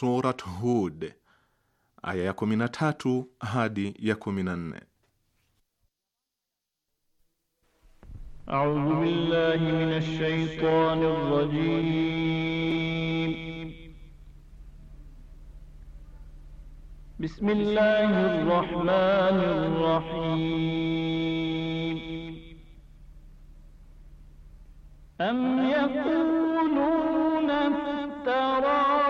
Surat Hud aya ya 13 hadi ya 14. A'udhu billahi minash shaitanir rajim. Bismillahir rahmanir rahim. Am yakuluna iftara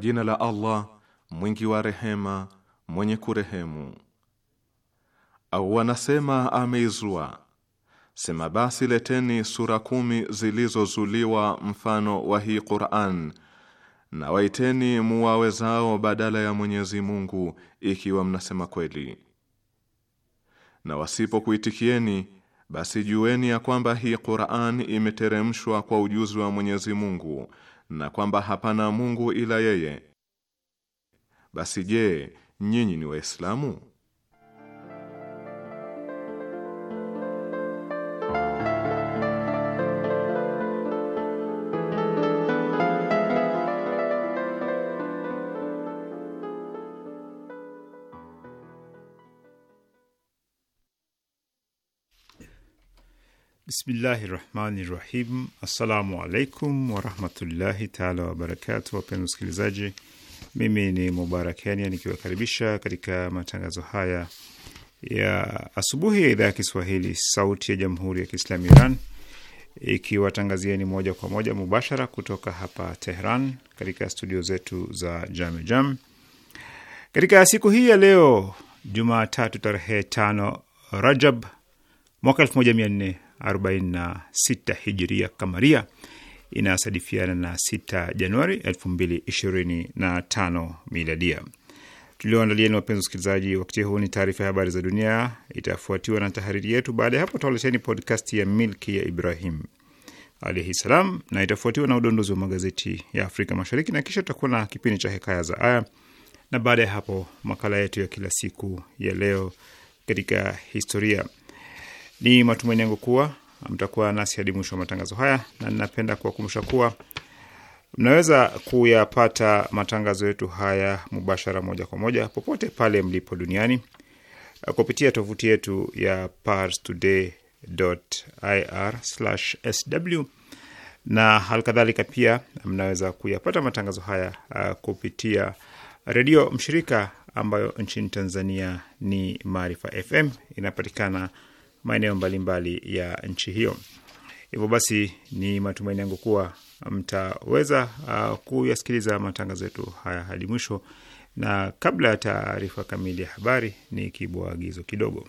jina la Allah mwingi wa rehema, mwenye kurehemu. Au wanasema ameizua. Sema basi, leteni sura kumi zilizozuliwa mfano wa hii Qur'an, na waiteni muwawezao badala ya Mwenyezi Mungu, ikiwa mnasema kweli. Na wasipokuitikieni basi jueni ya kwamba hii Qur'an imeteremshwa kwa ujuzi wa Mwenyezi Mungu na kwamba hapana Mungu ila yeye. Basi je, nyinyi ni Waislamu? Bismillahi rahmani rahim. Assalamu alaikum warahmatullahi taala wabarakatu. Wapenzi wasikilizaji, mimi ni Mubarak Kenya nikiwakaribisha katika matangazo haya ya asubuhi ya idhaa ya Kiswahili sauti ya jamhuri ya Kiislamu Iran ikiwatangazia ni moja kwa moja mubashara kutoka hapa Tehran katika studio zetu za jamejam Jam katika siku hii ya leo Jumatatu tarehe tano Rajab mwaka elfu moja mia nne 46 hijiria kamaria inasadifiana na 6 Januari 2025 miladia. Tulioandalia ni wapenzi wasikilizaji, wakati huu ni taarifa ya habari za dunia, itafuatiwa na tahariri yetu. Baada ya hapo, tawaleteni podkasti ya milki ya Ibrahim alaihi salam, na itafuatiwa na udondozi wa magazeti ya Afrika Mashariki, na kisha tutakuwa na kipindi cha hekaya za aya, na baada ya hapo makala yetu ya kila siku ya leo katika historia. Ni matumaini yangu kuwa mtakuwa nasi hadi mwisho wa matangazo haya, na ninapenda kuwakumbusha kuwa mnaweza kuyapata matangazo yetu haya mubashara, moja kwa moja, popote pale mlipo duniani eh, kupitia tovuti yetu ya parstoday.ir/sw na halikadhalika pia mnaweza kuyapata matangazo haya uh, kupitia redio mshirika ambayo nchini Tanzania ni Maarifa FM, inapatikana maeneo mbalimbali ya nchi hiyo. Hivyo basi ni matumaini yangu kuwa mtaweza uh, kuyasikiliza matangazo yetu haya hadi mwisho, na kabla ya taarifa kamili ya habari ni kibwagizo kidogo.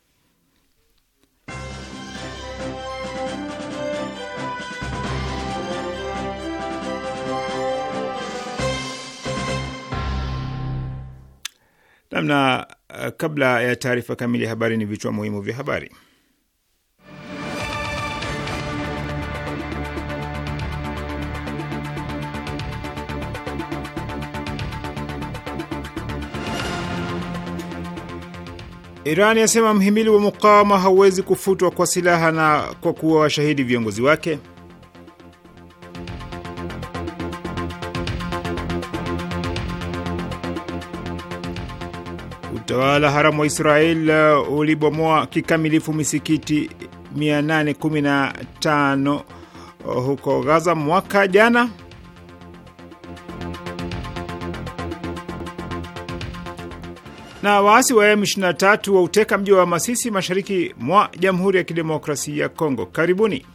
namna. Eh, kabla ya taarifa kamili ya habari, ni vichwa muhimu vya habari. Iran yasema mhimili wa mukawama hauwezi kufutwa kwa silaha na kwa kuwa washahidi viongozi wake. Utawala haramu wa Israel uh, ulibomoa kikamilifu misikiti 815 uh, huko Gaza mwaka jana. Na waasi wa M23 wauteka mji wa Masisi mashariki mwa Jamhuri ya Kidemokrasia ya Kongo. Karibuni.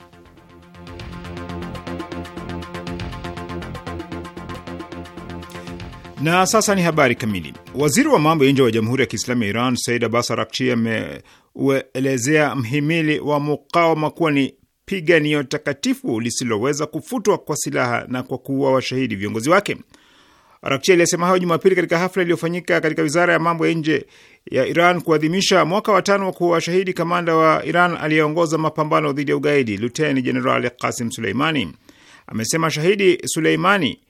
Na sasa ni habari kamili. Waziri wa mambo ya nje wa Jamhuri ya Kiislamu ya Iran Said Abbas Arakchi ameuelezea mhimili wa mukawama kuwa ni piganio takatifu lisiloweza kufutwa kwa silaha na kwa kuua washahidi viongozi wake. Arakchi aliyesema hayo Jumapili katika hafla iliyofanyika katika wizara ya mambo ya nje ya Iran kuadhimisha mwaka wa tano wa kuwa kamanda wa Iran aliyeongoza mapambano dhidi ya ugaidi Luteni Jenerali Kasim Suleimani. Amesema shahidi Suleimani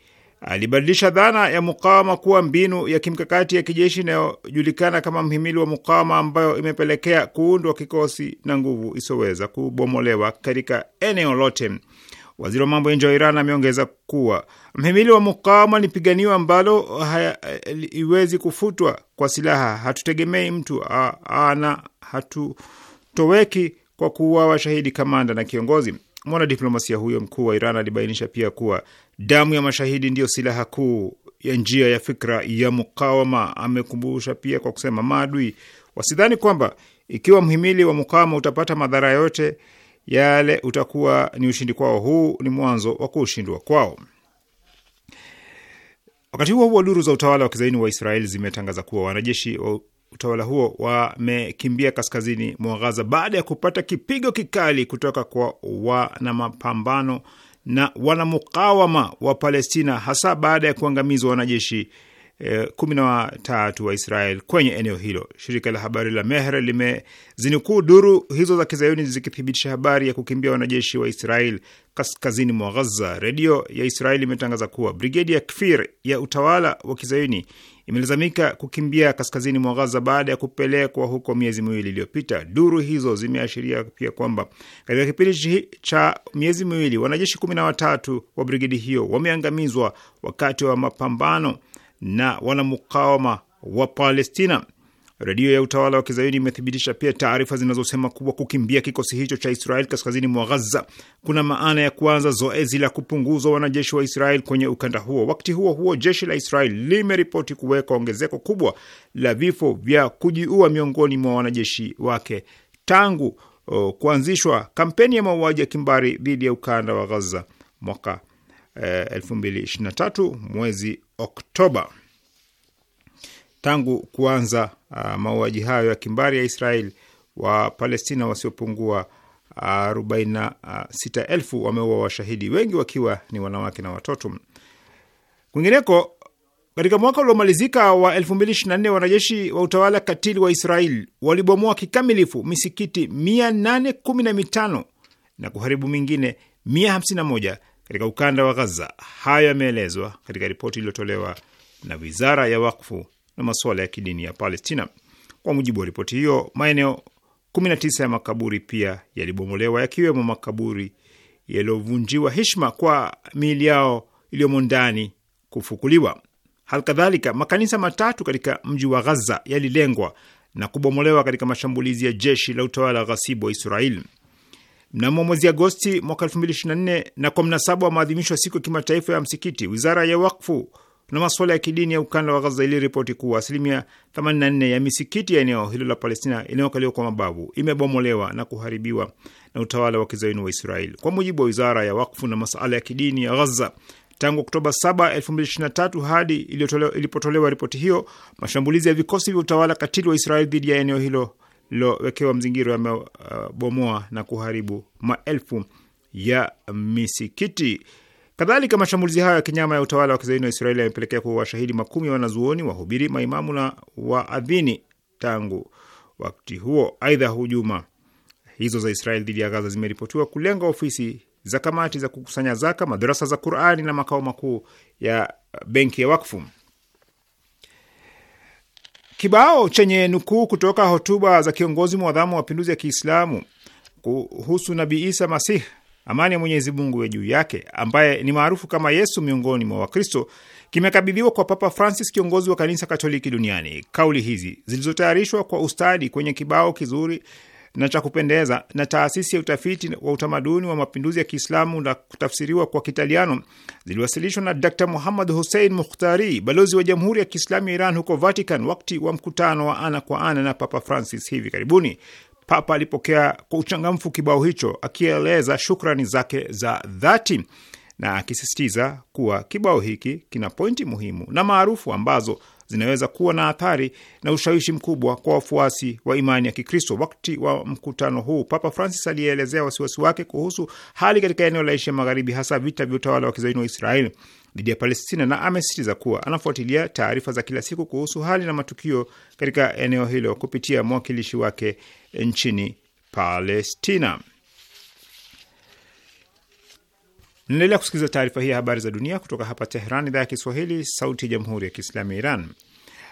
alibadilisha dhana ya mukawama kuwa mbinu ya kimkakati ya kijeshi inayojulikana kama mhimili wa mukawama, ambayo imepelekea kuundwa kikosi na nguvu isiyoweza kubomolewa katika eneo lote. Waziri wa mambo ya nje wa Iran ameongeza kuwa mhimili wa mukawama ni piganio ambalo haiwezi kufutwa kwa silaha. Hatutegemei mtu ana hatutoweki kwa kuuawa shahidi kamanda na kiongozi. Mwanadiplomasia huyo mkuu wa Iran alibainisha pia kuwa damu ya mashahidi ndiyo silaha kuu ya njia ya fikra ya mukawama. Amekumbusha pia kwa kusema, maadui wasidhani kwamba ikiwa mhimili wa mukawama utapata madhara yote yale utakuwa ni ushindi kwao. Huu ni mwanzo wa kuushindwa kwao. Wakati huo huo, duru za utawala wa kizaini wa Israeli zimetangaza kuwa wanajeshi utawala huo wamekimbia kaskazini mwa Gaza baada ya kupata kipigo kikali kutoka kwa wanamapambano na wanamukawama wa Palestina, hasa baada ya kuangamizwa wanajeshi eh, kumi na watatu wa Israel kwenye eneo hilo. Shirika la habari la Mehr limezinukuu duru hizo za kizayuni zikithibitisha habari ya kukimbia wanajeshi wa Israel kaskazini mwa Ghaza. Redio ya Israel imetangaza kuwa brigedi ya Kfir ya utawala wa kizayuni imelazimika kukimbia kaskazini mwa Ghaza baada ya kupelekwa huko miezi miwili iliyopita. Duru hizo zimeashiria pia kwamba katika kipindi cha miezi miwili wanajeshi kumi na watatu wa brigedi hiyo wameangamizwa wakati wa mapambano na wanamukawama wa Palestina. Redio ya utawala wa kizayuni imethibitisha pia taarifa zinazosema kuwa kukimbia kikosi hicho cha Israel kaskazini mwa Ghaza kuna maana ya kuanza zoezi la kupunguzwa wanajeshi wa Israel kwenye ukanda huo. Wakati huo huo, jeshi la Israel limeripoti kuweka ongezeko kubwa la vifo vya kujiua miongoni mwa wanajeshi wake tangu o, kuanzishwa kampeni ya mauaji ya kimbari dhidi ya ukanda wa Ghaza mwaka e, eh, 2023 mwezi Oktoba tangu kuanza uh, mauaji hayo ya kimbari ya Israel, wa Palestina wasiopungua uh, arobaini na uh, sita elfu wameua washahidi, wengi wakiwa ni wanawake na watoto. Kwingineko, katika mwaka uliomalizika wa 2024 wanajeshi wa utawala katili wa Israel walibomoa kikamilifu misikiti 815 na kuharibu mingine 151 katika ukanda wa Gaza. Hayo yameelezwa katika ripoti iliyotolewa na wizara ya wakfu na masuala ya kidini ya Palestina. Kwa mujibu wa ripoti hiyo, maeneo 19 ya makaburi pia yalibomolewa, yakiwemo makaburi yaliyovunjiwa heshima kwa miili yao iliyomo ndani kufukuliwa. Halikadhalika, makanisa matatu katika mji wa Ghaza yalilengwa na kubomolewa katika mashambulizi ya jeshi la utawala ghasibu wa Israel mnamo mwezi Agosti mwaka 2024. Na kwa mnasaba wa maadhimisho ya siku ya kimataifa ya msikiti, wizara ya wakfu na masuala ya kidini ya ukanda wa Gaza iliripoti kuwa asilimia 84 ya misikiti ya eneo hilo la Palestina inayokaliwa kwa mabavu imebomolewa na kuharibiwa na utawala wa kizayuni wa israel kwa mujibu wa wizara ya wakfu na masuala ya kidini ya Gaza. Tangu Oktoba 7, 2023 hadi ilipotolewa ripoti hiyo, mashambulizi ya vikosi vya utawala katili wa israel dhidi ya eneo hilo lilowekewa mzingiro yamebomoa uh, na kuharibu maelfu ya misikiti. Kadhalika, mashambulizi hayo ya kinyama ya utawala wa kizaini wa Israeli yamepelekea kuwa washahidi makumi ya wanazuoni, wahubiri, maimamu na waadhini tangu wakati huo. Aidha, hujuma hizo za Israeli dhidi ya Gaza zimeripotiwa kulenga ofisi za kamati za kukusanya zaka, madarasa za Qurani na makao makuu ya benki ya Wakfu. Kibao chenye nukuu kutoka hotuba za kiongozi mwadhamu wa mapinduzi ya Kiislamu kuhusu Nabii Isa Masih amani ya Mwenyezi Mungu iwe juu yake, ambaye ni maarufu kama Yesu miongoni mwa Wakristo, kimekabidhiwa kwa Papa Francis, kiongozi wa kanisa Katoliki duniani. Kauli hizi zilizotayarishwa kwa ustadi kwenye kibao kizuri na cha kupendeza na taasisi ya utafiti wa utamaduni wa mapinduzi ya Kiislamu na kutafsiriwa kwa Kitaliano ziliwasilishwa na Dr Muhammad Hussein Mukhtari, balozi wa Jamhuri ya Kiislamu ya Iran huko Vatican, wakati wa mkutano wa ana kwa ana na Papa Francis hivi karibuni. Papa alipokea kwa uchangamfu kibao hicho akieleza shukrani zake za dhati na akisisitiza kuwa kibao hiki kina pointi muhimu na maarufu ambazo zinaweza kuwa na athari na ushawishi mkubwa kwa wafuasi wa imani ya Kikristo. Wakati wa mkutano huu, Papa Francis aliyeelezea wasiwasi wake kuhusu hali katika eneo la Asia Magharibi, hasa vita vya utawala wa kizaini wa Israeli dhidi ya Palestina, na amesisitiza kuwa anafuatilia taarifa za kila siku kuhusu hali na matukio katika eneo hilo kupitia mwakilishi wake nchini Palestina. Naendelea kusikiliza taarifa hii ya habari za dunia kutoka hapa Tehran, idhaa ya Kiswahili, sauti ya jamhuri ya kiislamu ya Iran.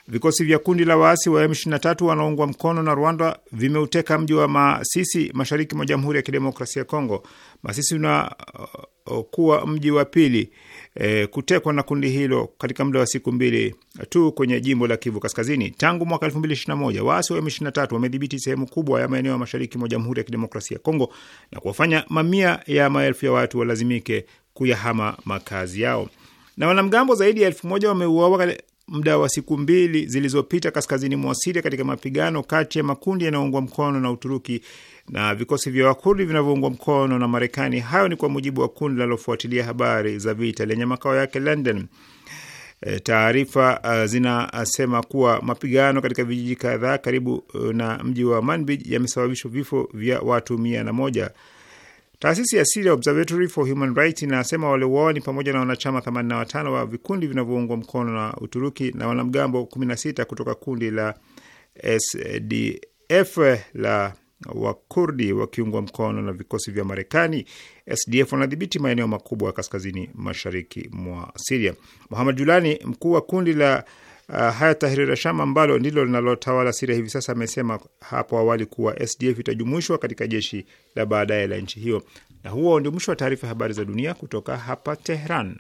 Vikosi vya kundi la waasi wa M23 wanaoungwa mkono na Rwanda vimeuteka mji wa Masisi mashariki mwa jamhuri ya kidemokrasia ya Kongo. Masisi unakuwa uh, mji wa pili e, kutekwa na kundi hilo katika muda wa siku mbili tu kwenye jimbo la Kivu Kaskazini. Tangu mwaka 2021 waasi wa M23 wamedhibiti sehemu kubwa ya maeneo ya mashariki mwa Jamhuri ya Kidemokrasia ya Kongo na kuwafanya mamia ya maelfu ya watu walazimike kuyahama makazi yao na wanamgambo zaidi ya elfu moja wameuawa muda wa siku mbili zilizopita kaskazini mwa Siria katika mapigano kati ya makundi yanayoungwa mkono na Uturuki na vikosi vya Wakurdi vinavyoungwa mkono na Marekani. Hayo ni kwa mujibu wa kundi linalofuatilia habari za vita lenye makao yake London. E, taarifa e, zinasema kuwa mapigano katika vijiji kadhaa karibu e, na mji wa Manbij yamesababisha vifo vya watu mia na moja. Taasisi ya Syria Observatory for Human Rights inasema waliouawa ni pamoja na wanachama 85 wa vikundi vinavyoungwa mkono na Uturuki na wanamgambo 16 kutoka kundi la SDF la Wakurdi wakiungwa mkono na vikosi vya Marekani. SDF wanadhibiti maeneo makubwa ya kaskazini mashariki mwa Siria. Muhamad Julani, mkuu wa kundi la Uh, Haya Tahrir shama Sham ambalo ndilo linalotawala Siria hivi sasa, amesema hapo awali kuwa SDF itajumuishwa katika jeshi la baadaye la nchi hiyo. Na huo ndio mwisho wa taarifa ya habari za dunia kutoka hapa Tehran.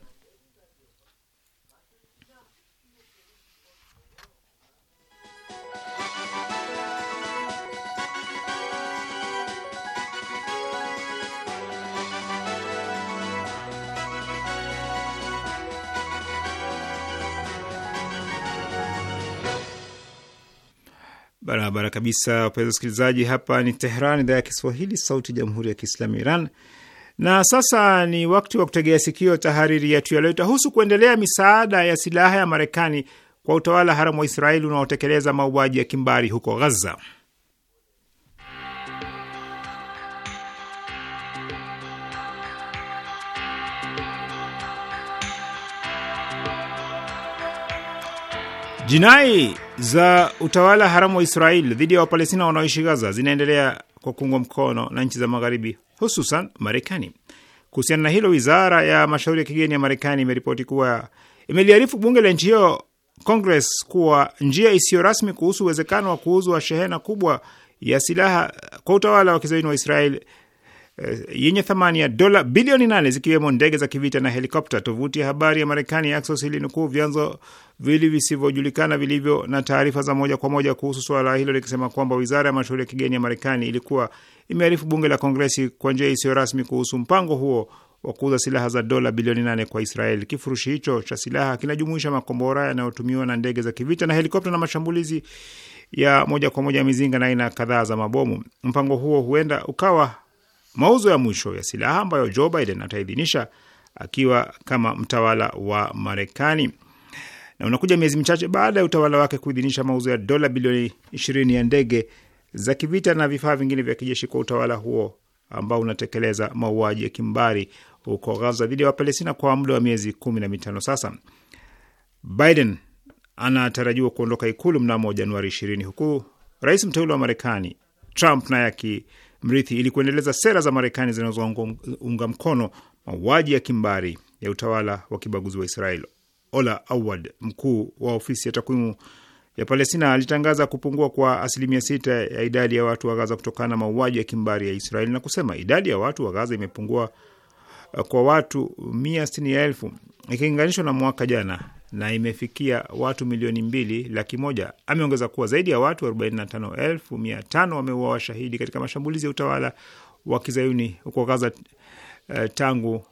barabara kabisa, wapenzi wasikilizaji, hapa ni Tehran, idhaa ya Kiswahili, sauti ya jamhuri ya kiislamu Iran. Na sasa ni wakati wa kutegea sikio. Tahariri yetu ya leo itahusu kuendelea misaada ya silaha ya Marekani kwa utawala haramu wa Israeli unaotekeleza mauaji ya kimbari huko Ghaza. Jinai za utawala haramu wa Israel dhidi ya Wapalestina wanaoishi Gaza zinaendelea kwa kuungwa mkono na nchi za Magharibi, hususan Marekani. Kuhusiana na hilo, wizara ya mashauri ya kigeni ya Marekani imeripoti kuwa imeliarifu bunge la nchi hiyo Congress kuwa njia isiyo rasmi kuhusu uwezekano wa kuuzwa shehena kubwa ya silaha kwa utawala wa kizayuni wa Israel Eh, yenye thamani ya dola bilioni nane zikiwemo ndege za kivita na helikopta. Tovuti ya habari ya Marekani ya Axios ilinukuu vyanzo vili visivyojulikana vilivyo na taarifa za moja kwa moja kuhusu suala hilo likisema kwamba wizara ya mashauri ya kigeni ya Marekani ilikuwa imearifu bunge la Kongresi kwa njia isiyo rasmi kuhusu mpango huo wa kuuza silaha za dola bilioni nane kwa Israel. Kifurushi hicho cha silaha kinajumuisha makombora yanayotumiwa na ndege za kivita na helikopta na mashambulizi ya moja kwa moja ya mizinga na aina kadhaa za mabomu. Mpango huo huenda ukawa mauzo ya mwisho ya silaha ambayo Joe Biden ataidhinisha akiwa kama mtawala wa Marekani na unakuja miezi michache baada ya utawala wake kuidhinisha mauzo ya dola bilioni ishirini ya ndege za kivita na vifaa vingine vya kijeshi kwa utawala huo ambao unatekeleza mauaji ya kimbari huko Gaza dhidi ya Wapalestina kwa muda wa miezi kumi na mitano sasa. Biden anatarajiwa kuondoka ikulu mnamo Januari ishirini huku rais mteule wa Marekani Trump naye mrithi ili kuendeleza sera za Marekani zinazounga mkono mauaji ya kimbari ya utawala wa kibaguzi wa Israel. Ola Awad, mkuu wa ofisi ya takwimu ya Palestina, alitangaza kupungua kwa asilimia sita ya idadi ya watu wa Gaza kutokana na mauaji ya kimbari ya Israeli na kusema idadi ya watu wa Gaza imepungua eh, kwa watu mia sitini elfu ikilinganishwa na mwaka jana na imefikia watu milioni mbili laki moja. Ameongeza kuwa zaidi ya watu 45,500 wameuawa washahidi katika mashambulizi ya utawala wa kizayuni huko Gaza uh, tangu uh,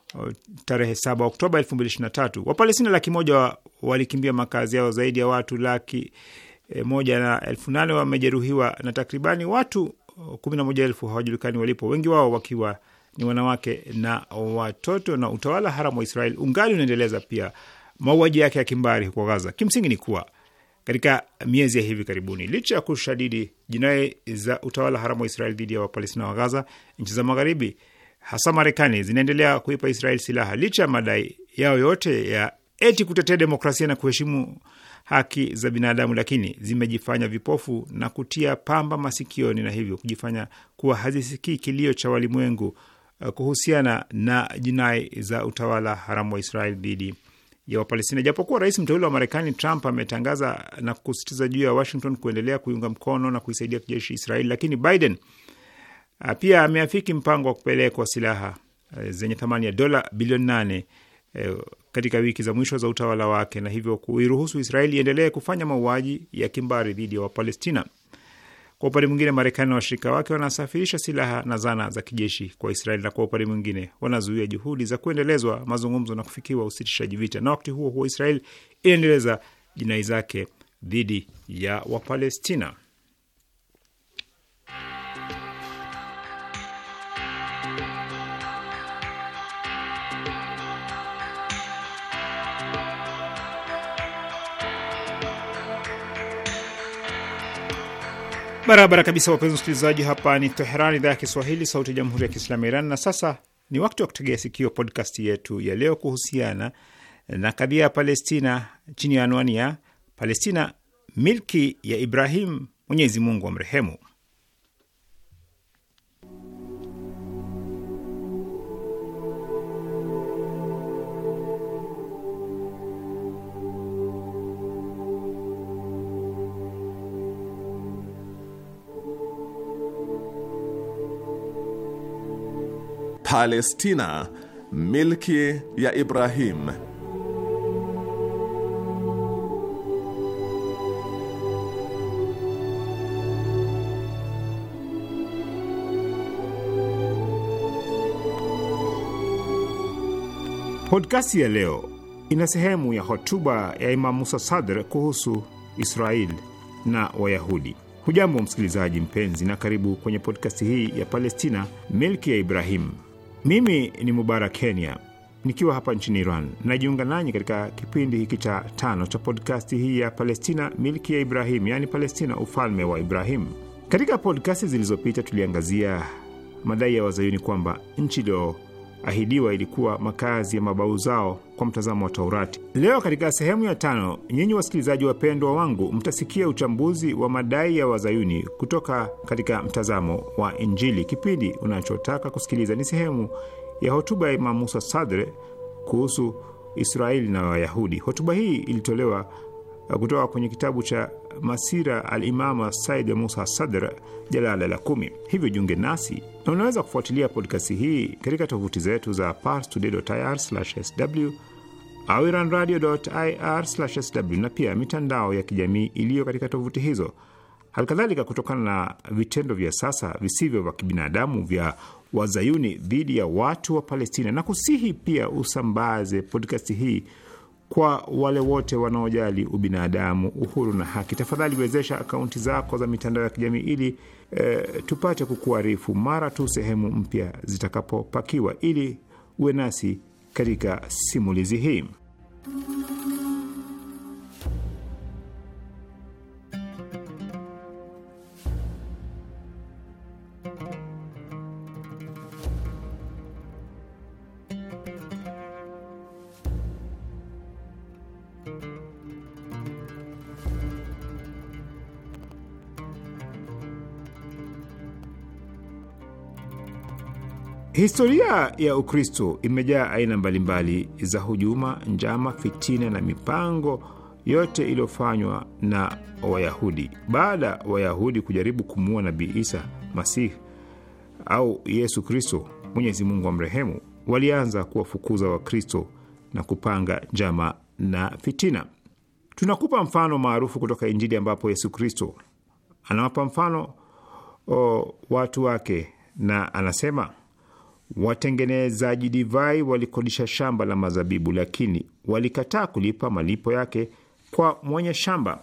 tarehe 7 Oktoba 2023. Wapalestina laki moja walikimbia makazi yao, zaidi ya watu laki eh, moja na elfu nane wamejeruhiwa na takribani watu 11,000 eh, hawajulikani walipo, wengi wao wakiwa ni wanawake na watoto. Na utawala haramu wa Israel ungali unaendeleza pia mauaji yake ya kimbari huko Gaza. Kimsingi ni kuwa katika miezi ya hivi karibuni, licha ya kushadidi jinai za utawala haramu wa Israeli dhidi ya Wapalestina wa Gaza, nchi za Magharibi hasa Marekani zinaendelea kuipa Israeli silaha licha ya madai yao yote ya eti kutetea demokrasia na kuheshimu haki za binadamu, lakini zimejifanya vipofu na kutia pamba masikioni na hivyo kujifanya kuwa hazisikii kilio cha walimwengu eh, kuhusiana na jinai za utawala haramu wa Israeli dhidi ya Wapalestina. Japokuwa rais mteule wa Marekani Trump ametangaza na kusisitiza juu ya Washington kuendelea kuiunga mkono na kuisaidia kijeshi Israeli, lakini Biden ah, pia ameafiki mpango wa kupelekwa silaha eh, zenye thamani ya dola bilioni nane eh, katika wiki za mwisho za utawala wake na hivyo kuiruhusu Israeli iendelee kufanya mauaji ya kimbari dhidi ya Wapalestina. Kwa upande mwingine, Marekani na washirika wake wanasafirisha silaha na zana za kijeshi kwa Israeli, na kwa upande mwingine wanazuia juhudi za kuendelezwa mazungumzo na kufikiwa usitishaji vita, na wakati huo huo Israeli inaendeleza jinai zake dhidi ya Wapalestina. Barabara kabisa, wapenzi wasikilizaji, hapa ni Teheran, idhaa ya Kiswahili, sauti ya jamhuri ya kiislamu ya Iran. Na sasa ni wakati wa kutegea sikio podcast yetu ya leo kuhusiana na kadhia ya Palestina chini ya anwani ya Palestina, milki ya Ibrahim, Mwenyezi Mungu wa mrehemu. Palestina milki ya Ibrahim. Podkasti ya leo ina sehemu ya hotuba ya Imam Musa Sadr kuhusu Israel na Wayahudi. Hujambo msikilizaji mpenzi, na karibu kwenye podkasti hii ya Palestina milki ya Ibrahim mimi ni Mubarak Kenya nikiwa hapa nchini Iran. Najiunga nanyi katika kipindi hiki cha tano cha podkasti hii ya Palestina, milki ya Ibrahim, yaani Palestina, ufalme wa Ibrahim. Katika podkasti zilizopita tuliangazia madai ya wazayuni kwamba nchi iliyo ahidiwa ilikuwa makazi ya mabau zao kwa mtazamo wa Taurati. Leo katika sehemu ya tano, nyinyi wasikilizaji wapendwa wangu, mtasikia uchambuzi wa madai ya wazayuni kutoka katika mtazamo wa Injili. Kipindi unachotaka kusikiliza ni sehemu ya hotuba ya Imamu Musa Sadre kuhusu Israeli na Wayahudi. Hotuba hii ilitolewa Eh, kutoka kwenye kitabu cha Masira Alimama Said Musa Sadr, jalala la kumi. Hivyo jiunge nasi na unaweza kufuatilia podkasti hii katika tovuti zetu za parstoday.ir/sw au iranradio.ir/sw na pia mitandao ya kijamii iliyo katika tovuti hizo. Halikadhalika, kutokana na vitendo vya sasa visivyo vya kibinadamu vya wazayuni dhidi ya watu wa Palestina, na kusihi pia usambaze podkasti hii kwa wale wote wanaojali ubinadamu, uhuru na haki. Tafadhali wezesha akaunti zako za mitandao ya kijamii ili e, tupate kukuarifu mara tu sehemu mpya zitakapopakiwa, ili uwe nasi katika simulizi hii. Historia ya Ukristo imejaa aina mbalimbali za hujuma, njama, fitina na mipango yote iliyofanywa na Wayahudi. Baada ya Wayahudi kujaribu kumuua Nabii Isa Masihi au Yesu Kristo, Mwenyezi Mungu mrehemu walianza kuwafukuza Wakristo na kupanga njama na fitina. Tunakupa mfano maarufu kutoka Injili ambapo Yesu Kristo anawapa mfano o, watu wake na anasema Watengenezaji divai walikodisha shamba la mazabibu, lakini walikataa kulipa malipo yake kwa mwenye shamba.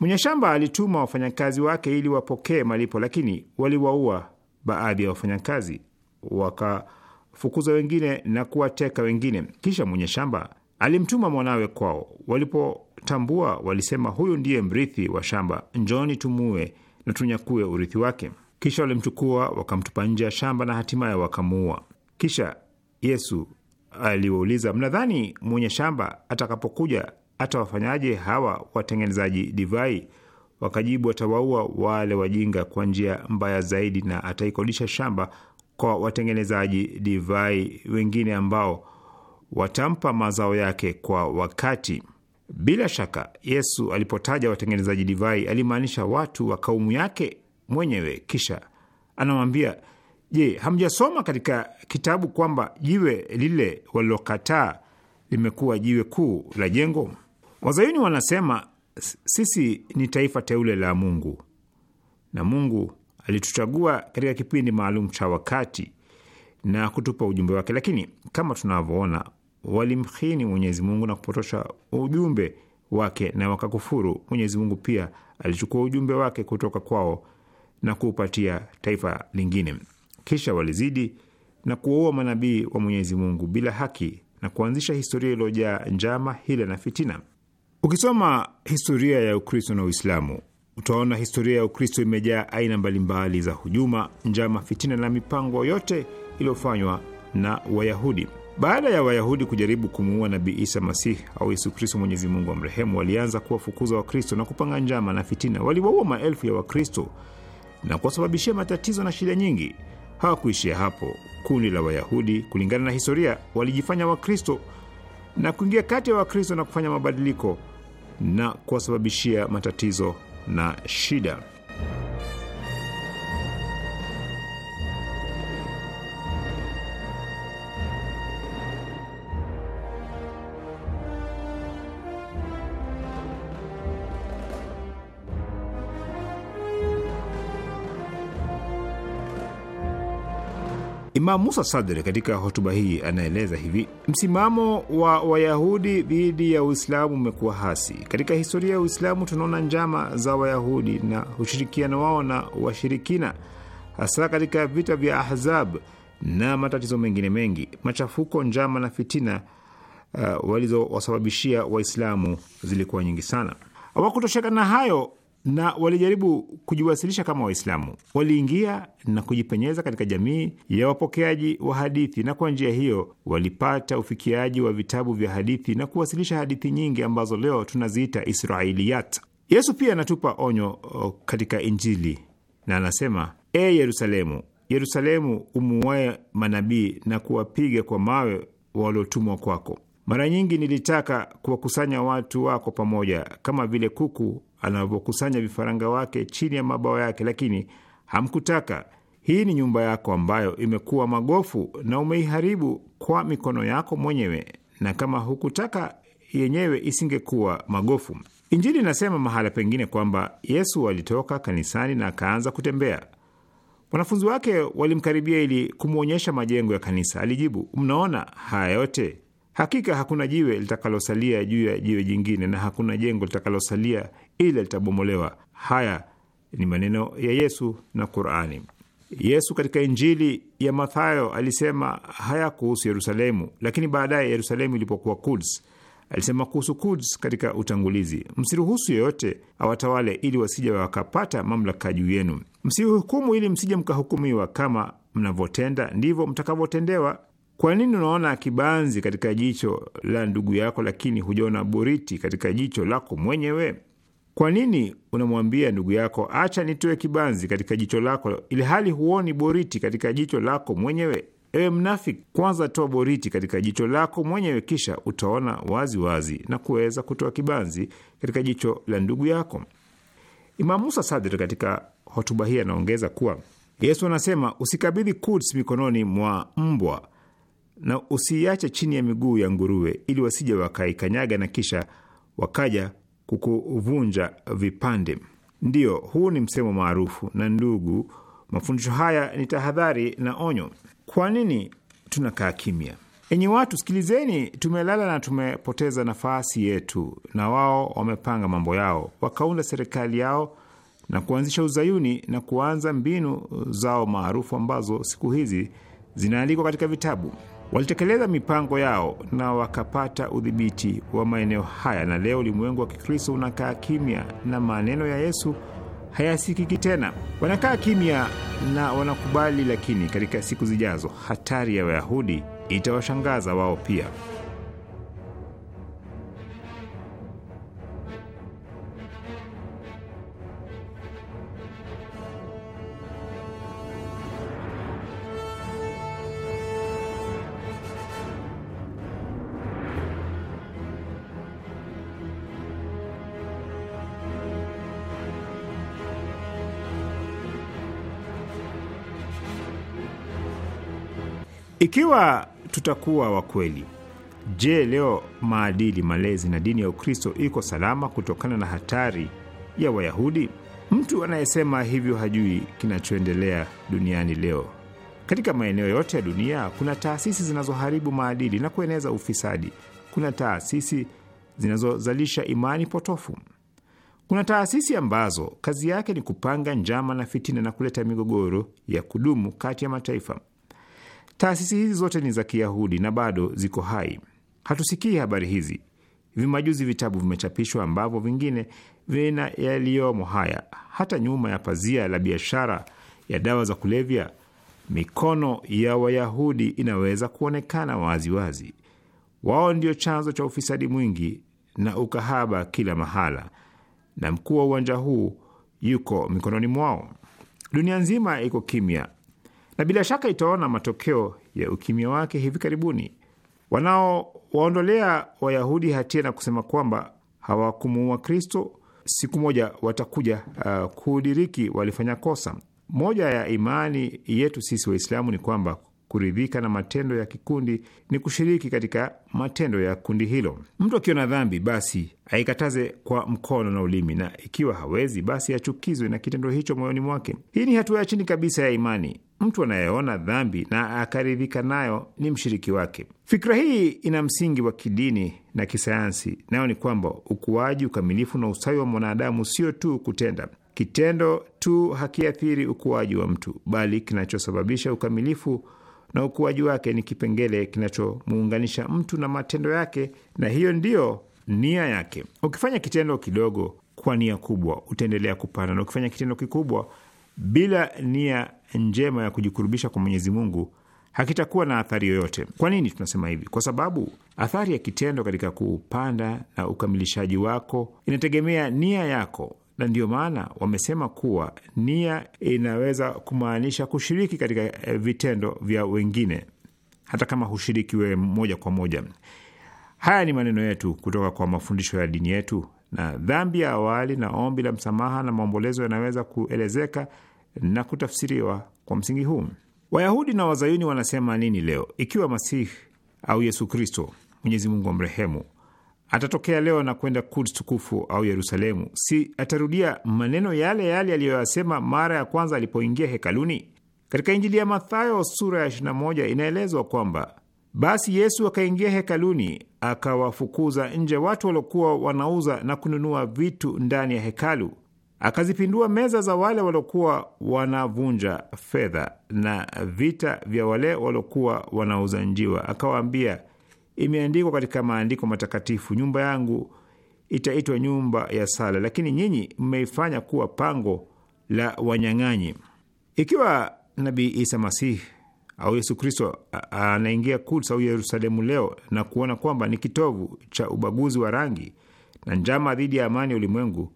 Mwenye shamba alituma wafanyakazi wake ili wapokee malipo, lakini waliwaua baadhi ya wafanyakazi, wakafukuza wengine na kuwateka wengine. Kisha mwenye shamba alimtuma mwanawe kwao. Walipotambua walisema, huyu ndiye mrithi wa shamba, njoni tumue na tunyakue urithi wake. Kisha walimchukua wakamtupa nje ya shamba na hatimaye wakamuua. Kisha Yesu aliwauliza, mnadhani mwenye shamba atakapokuja atawafanyaje hawa watengenezaji divai? Wakajibu, atawaua wale wajinga kwa njia mbaya zaidi, na ataikodisha shamba kwa watengenezaji divai wengine ambao watampa mazao yake kwa wakati. Bila shaka Yesu alipotaja watengenezaji divai alimaanisha watu wa kaumu yake mwenyewe. Kisha anamwambia, je, hamjasoma katika kitabu kwamba jiwe lile walilokataa limekuwa jiwe kuu la jengo? Wazayuni wanasema sisi ni taifa teule la Mungu na Mungu alituchagua katika kipindi maalum cha wakati na kutupa ujumbe wake, lakini kama tunavyoona walimhini Mwenyezi Mungu na kupotosha ujumbe wake na wakakufuru. Mwenyezi Mungu pia alichukua ujumbe wake kutoka kwao na kuupatia taifa lingine. Kisha walizidi na kuwaua manabii wa Mwenyezi Mungu bila haki na kuanzisha historia iliyojaa njama, hila na fitina. Ukisoma historia ya Ukristo na Uislamu utaona historia ya Ukristo imejaa aina mbalimbali za hujuma, njama, fitina na mipango yote iliyofanywa na Wayahudi. Baada ya Wayahudi kujaribu kumuua Nabii Isa Masihi au Yesu Kristo, Mwenyezi Mungu amrehemu, walianza kuwafukuza Wakristo na kupanga njama na fitina. Waliwaua maelfu ya Wakristo na kuwasababishia matatizo na shida nyingi. Hawakuishia hapo. Kundi la Wayahudi, kulingana na historia, walijifanya Wakristo na kuingia kati ya Wakristo na kufanya mabadiliko na kuwasababishia matatizo na shida. Imam Musa Sadri katika hotuba hii anaeleza hivi: msimamo wa Wayahudi dhidi ya Uislamu umekuwa hasi. Katika historia ya Uislamu tunaona njama za Wayahudi na ushirikiano wao na washirikina, hasa katika vita vya Ahzab na matatizo mengine mengi. Machafuko, njama na fitina uh, walizowasababishia Waislamu zilikuwa nyingi sana. wakutoshekana na hayo, na walijaribu kujiwasilisha kama Waislamu. Waliingia na kujipenyeza katika jamii ya wapokeaji wa hadithi, na kwa njia hiyo walipata ufikiaji wa vitabu vya hadithi na kuwasilisha hadithi nyingi ambazo leo tunaziita Israiliyat. Yesu pia anatupa onyo katika Injili na anasema, E Yerusalemu, Yerusalemu, umuwae manabii na kuwapiga kwa mawe waliotumwa kwako. Mara nyingi nilitaka kuwakusanya watu wako pamoja kama vile kuku anavyokusanya vifaranga wake chini ya mabawa yake, lakini hamkutaka. Hii ni nyumba yako ambayo imekuwa magofu na umeiharibu kwa mikono yako mwenyewe, na kama hukutaka yenyewe isingekuwa magofu. Injili inasema mahala pengine kwamba Yesu alitoka kanisani na akaanza kutembea. Wanafunzi wake walimkaribia ili kumwonyesha majengo ya kanisa. Alijibu, mnaona haya yote? Hakika hakuna jiwe litakalosalia juu ya jiwe jingine, na hakuna jengo litakalosalia ila litabomolewa. Haya ni maneno ya Yesu na Qurani. Yesu katika Injili ya Mathayo alisema haya kuhusu Yerusalemu, lakini baadaye Yerusalemu ilipokuwa Kuds alisema kuhusu Kuds katika utangulizi, msiruhusu yeyote awatawale, ili wasije wakapata mamlaka juu yenu. Msihukumu ili msije mkahukumiwa. Kama mnavyotenda ndivyo mtakavyotendewa. Kwa nini unaona kibanzi katika jicho la ndugu yako, lakini hujaona boriti katika jicho lako mwenyewe? Kwa nini unamwambia ndugu yako, acha nitoe kibanzi katika jicho lako, ili hali huoni boriti katika jicho lako mwenyewe? Ewe mnafiki, kwanza toa boriti katika jicho lako mwenyewe, kisha utaona wazi wazi na kuweza kutoa kibanzi katika jicho la ndugu yako. Imam Musa katika hotuba hii anaongeza kuwa Yesu anasema, usikabidhi Quds mikononi mwa mbwa na usiiache chini ya miguu ya nguruwe, ili wasije wakaikanyaga na kisha wakaja kukuvunja vipande. Ndiyo, huu ni msemo maarufu na ndugu, mafundisho haya ni tahadhari na onyo. Kwa nini tunakaa kimya? Enyi watu, sikilizeni, tumelala na tumepoteza nafasi yetu, na wao wamepanga mambo yao, wakaunda serikali yao na kuanzisha uzayuni na kuanza mbinu zao maarufu ambazo siku hizi zinaalikwa katika vitabu. Walitekeleza mipango yao na wakapata udhibiti wa maeneo haya, na leo ulimwengu wa Kikristo unakaa kimya na maneno ya Yesu hayasikiki tena. Wanakaa kimya na wanakubali, lakini katika siku zijazo hatari ya Wayahudi itawashangaza wao pia. Ikiwa tutakuwa wa kweli, je, leo maadili, malezi na dini ya Ukristo iko salama kutokana na hatari ya Wayahudi? Mtu anayesema hivyo hajui kinachoendelea duniani leo. Katika maeneo yote ya dunia kuna taasisi zinazoharibu maadili na kueneza ufisadi. Kuna taasisi zinazozalisha imani potofu. Kuna taasisi ambazo kazi yake ni kupanga njama na fitina na kuleta migogoro ya kudumu kati ya mataifa. Taasisi hizi zote ni za Kiyahudi na bado ziko hai. Hatusikii habari hizi. vimajuzi vitabu vimechapishwa ambavyo vingine vina yaliyomo haya. Hata nyuma ya pazia la biashara ya dawa za kulevya, mikono ya Wayahudi inaweza kuonekana waziwazi wazi. Wao ndio chanzo cha ufisadi mwingi na ukahaba kila mahala, na mkuu wa uwanja huu yuko mikononi mwao. Dunia nzima iko kimya na bila shaka itaona matokeo ya ukimya wake hivi karibuni. Wanaowaondolea Wayahudi hatia na kusema kwamba hawakumuua Kristo, siku moja watakuja uh, kudiriki walifanya kosa. Moja ya imani yetu sisi Waislamu ni kwamba Kuridhika na matendo ya kikundi ni kushiriki katika matendo ya kundi hilo. Mtu akiona dhambi, basi aikataze kwa mkono na ulimi, na ikiwa hawezi, basi achukizwe na kitendo hicho moyoni mwake. Hii ni hatua ya chini kabisa ya imani. Mtu anayeona dhambi na akaridhika nayo ni mshiriki wake. Fikra hii ina msingi wa kidini na kisayansi, nayo ni kwamba ukuaji, ukamilifu na ustawi wa mwanadamu sio tu kutenda kitendo tu hakiathiri ukuaji wa mtu, bali kinachosababisha ukamilifu na ukuaji wake ni kipengele kinachomuunganisha mtu na matendo yake, na hiyo ndiyo nia yake. Ukifanya kitendo kidogo kwa nia kubwa, utaendelea kupanda, na ukifanya kitendo kikubwa bila nia njema ya kujikurubisha kwa Mwenyezi Mungu hakitakuwa na athari yoyote. Kwa nini tunasema hivi? Kwa sababu athari ya kitendo katika kupanda na ukamilishaji wako inategemea nia yako na ndiyo maana wamesema kuwa nia inaweza kumaanisha kushiriki katika eh, vitendo vya wengine hata kama hushiriki wewe moja kwa moja. Haya ni maneno yetu kutoka kwa mafundisho ya dini yetu, na dhambi ya awali na ombi la msamaha na maombolezo yanaweza kuelezeka na kutafsiriwa kwa msingi huu. Wayahudi na Wazayuni wanasema nini leo? Ikiwa Masihi au Yesu Kristo, Mwenyezi Mungu amrehemu, atatokea leo na kwenda Kuds tukufu au Yerusalemu? Si atarudia maneno yale yale aliyoyasema mara ya kwanza alipoingia hekaluni? Katika Injili ya Mathayo sura ya 21 inaelezwa kwamba basi Yesu akaingia hekaluni akawafukuza nje watu waliokuwa wanauza na kununua vitu ndani ya hekalu, akazipindua meza za wale waliokuwa wanavunja fedha na vita vya wale waliokuwa wanauza njiwa, akawaambia Imeandikwa katika maandiko matakatifu, nyumba yangu itaitwa nyumba ya sala, lakini nyinyi mmeifanya kuwa pango la wanyang'anyi. Ikiwa Nabii Isa Masihi au Yesu Kristo anaingia Kuds au Yerusalemu leo na kuona kwamba ni kitovu cha ubaguzi wa rangi na njama dhidi ya amani ya ulimwengu,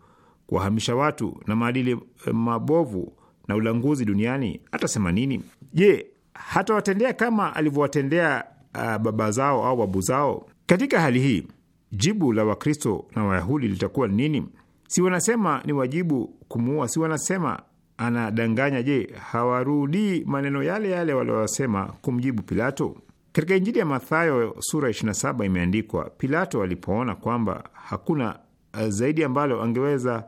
kuwahamisha watu na maadili e, mabovu na ulanguzi duniani, atasema nini? Je, hatawatendea kama alivyowatendea uh, baba zao au babu zao? Katika hali hii jibu la Wakristo na Wayahudi litakuwa nini? Si wanasema ni wajibu kumuua? Si wanasema anadanganya? Je, hawarudii maneno yale yale waliowasema kumjibu Pilato? Katika Injili ya Mathayo sura 27 imeandikwa, Pilato alipoona kwamba hakuna uh, zaidi ambalo angeweza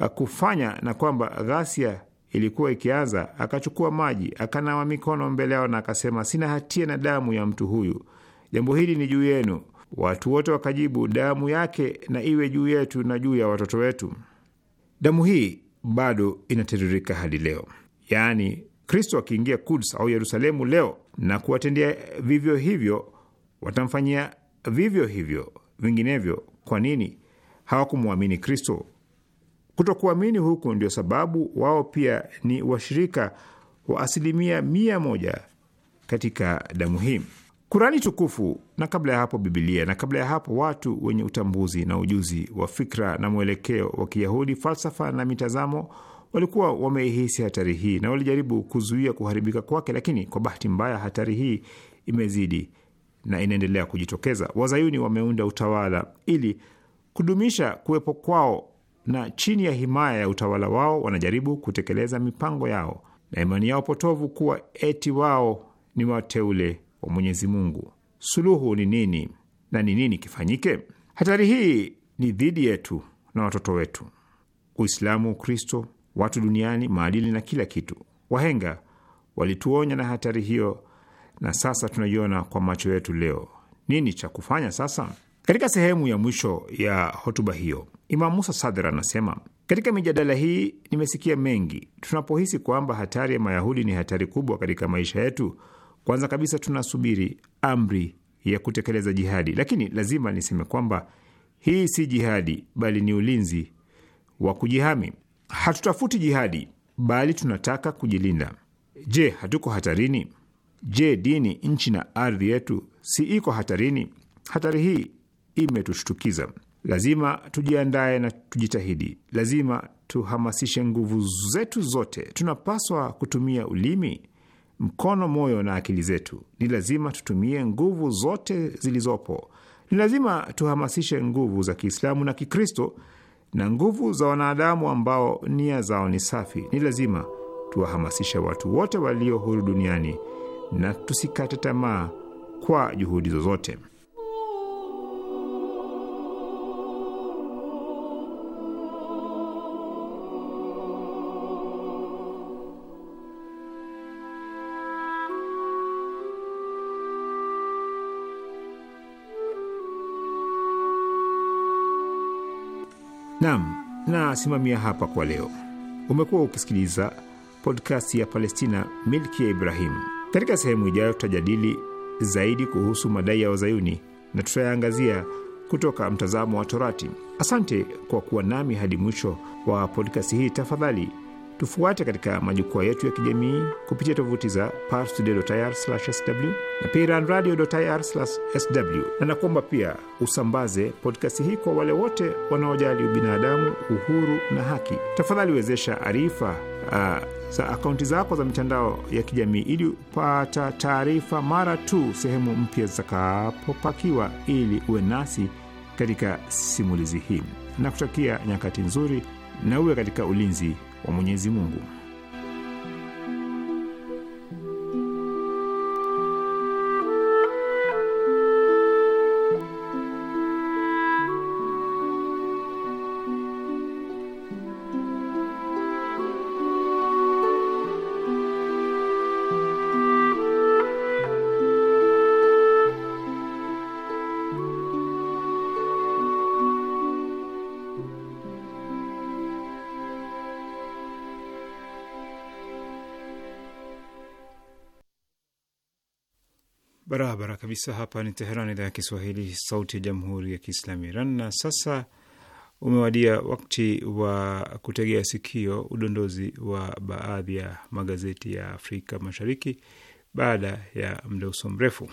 uh, kufanya na kwamba ghasia ilikuwa ikianza, akachukua maji akanawa mikono mbele yao na akasema, sina hatia na damu ya mtu huyu, jambo hili ni juu yenu. Watu wote wakajibu, damu yake na iwe juu yetu na juu ya watoto wetu. Damu hii bado inatiririka hadi leo. Yaani, Kristo akiingia Kuds au Yerusalemu leo na kuwatendea vivyo hivyo, watamfanyia vivyo hivyo. Vinginevyo, kwa nini hawakumwamini Kristo? Kutokuamini huku ndio sababu wao pia ni washirika wa asilimia mia moja katika damu hii, Kurani tukufu na kabla ya hapo Bibilia na kabla ya hapo watu wenye utambuzi na ujuzi wa fikra na mwelekeo wa Kiyahudi, falsafa na mitazamo walikuwa wameihisi hatari hii na walijaribu kuzuia kuharibika kwake, lakini kwa bahati mbaya hatari hii imezidi na inaendelea kujitokeza. Wazayuni wameunda utawala ili kudumisha kuwepo kwao na chini ya himaya ya utawala wao wanajaribu kutekeleza mipango yao na imani yao potovu kuwa eti wao ni wateule wa Mwenyezi Mungu. Suluhu ni nini na ni nini kifanyike? Hatari hii ni dhidi yetu na watoto wetu. Uislamu, Ukristo, watu duniani, maadili na kila kitu. Wahenga walituonya na hatari hiyo, na sasa tunaiona kwa macho yetu leo. Nini cha kufanya sasa? Katika sehemu ya mwisho ya hotuba hiyo, Imam Musa Sadr anasema katika mijadala hii nimesikia mengi. Tunapohisi kwamba hatari ya Mayahudi ni hatari kubwa katika maisha yetu, kwanza kabisa tunasubiri amri ya kutekeleza jihadi, lakini lazima niseme kwamba hii si jihadi, bali ni ulinzi wa kujihami. Hatutafuti jihadi, bali tunataka kujilinda. Je, hatuko hatarini? Je, dini, nchi na ardhi yetu si iko hatarini? Hatari hii imetushtukiza. Lazima tujiandae na tujitahidi. Lazima tuhamasishe nguvu zetu zote. Tunapaswa kutumia ulimi, mkono, moyo na akili zetu. Ni lazima tutumie nguvu zote zilizopo. Ni lazima tuhamasishe nguvu za Kiislamu na Kikristo na nguvu za wanadamu ambao nia zao ni safi. Ni lazima tuwahamasishe watu wote walio huru duniani na tusikate tamaa kwa juhudi zozote. Naam, nasimamia hapa kwa leo. Umekuwa ukisikiliza podcast ya Palestina, milki ya Ibrahim. Katika sehemu ijayo, tutajadili zaidi kuhusu madai ya Wazayuni na tutayaangazia kutoka mtazamo wa Torati. Asante kwa kuwa nami hadi mwisho wa podkasti hii. Tafadhali tufuate katika majukwaa yetu ya kijamii kupitia tovuti za parstoday.ir/sw na pia iranradio.ir/sw, na nakuomba pia usambaze podkasti hii kwa wale wote wanaojali ubinadamu, uhuru na haki. Tafadhali wezesha arifa uh, za akaunti zako za mitandao ya kijamii ili upata taarifa mara tu sehemu mpya zitakapopakiwa, ili uwe nasi katika simulizi hii na kutakia nyakati nzuri na uwe katika ulinzi wa Mwenyezi Mungu. barabara kabisa. Hapa ni Teheran, idhaa ya Kiswahili, sauti ya jamhuri ya kiislamu Iran. Na sasa umewadia wakati wa kutegea sikio udondozi wa baadhi ya magazeti ya Afrika Mashariki baada ya mda uso mrefu.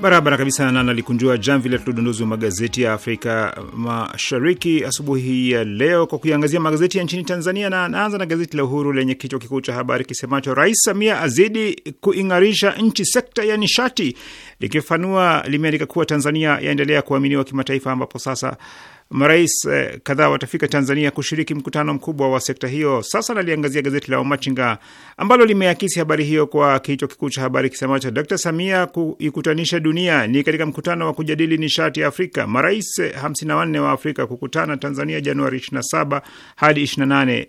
Barabara kabisa na nalikunjua jamvi la tudondozi wa magazeti ya Afrika Mashariki asubuhi ya leo kwa kuiangazia magazeti ya nchini Tanzania, na naanza na gazeti la Uhuru lenye kichwa kikuu cha habari kisemacho Rais Samia azidi kuing'arisha nchi sekta ya nishati. Likifafanua, limeandika kuwa Tanzania yaendelea kuaminiwa kimataifa ambapo sasa marais eh, kadhaa watafika Tanzania kushiriki mkutano mkubwa wa sekta hiyo. Sasa naliangazia gazeti la Wamachinga ambalo limeakisi habari hiyo kwa kichwa kikuu cha habari kisemacho Dr Samia kuikutanisha dunia. Ni katika mkutano wa kujadili nishati ya Afrika, marais 54 eh, wa Afrika kukutana Tanzania Januari 27 hadi 28.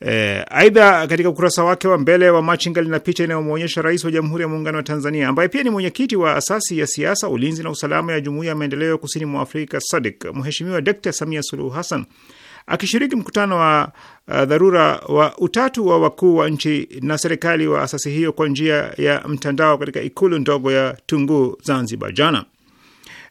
Eh, aidha, e, katika ukurasa wake wa mbele wa Machinga lina picha inayomwonyesha rais wa Jamhuri ya Muungano wa Tanzania ambaye pia ni mwenyekiti wa asasi ya siasa, ulinzi na usalama ya Jumuiya ya Maendeleo ya Kusini mwa Afrika SADC, Mheshimiwa Dkt. Samia Suluhu Hassan akishiriki mkutano wa uh, dharura wa utatu wa wakuu wa nchi na serikali wa asasi hiyo kwa njia ya mtandao katika ikulu ndogo ya Tunguu, Zanzibar jana.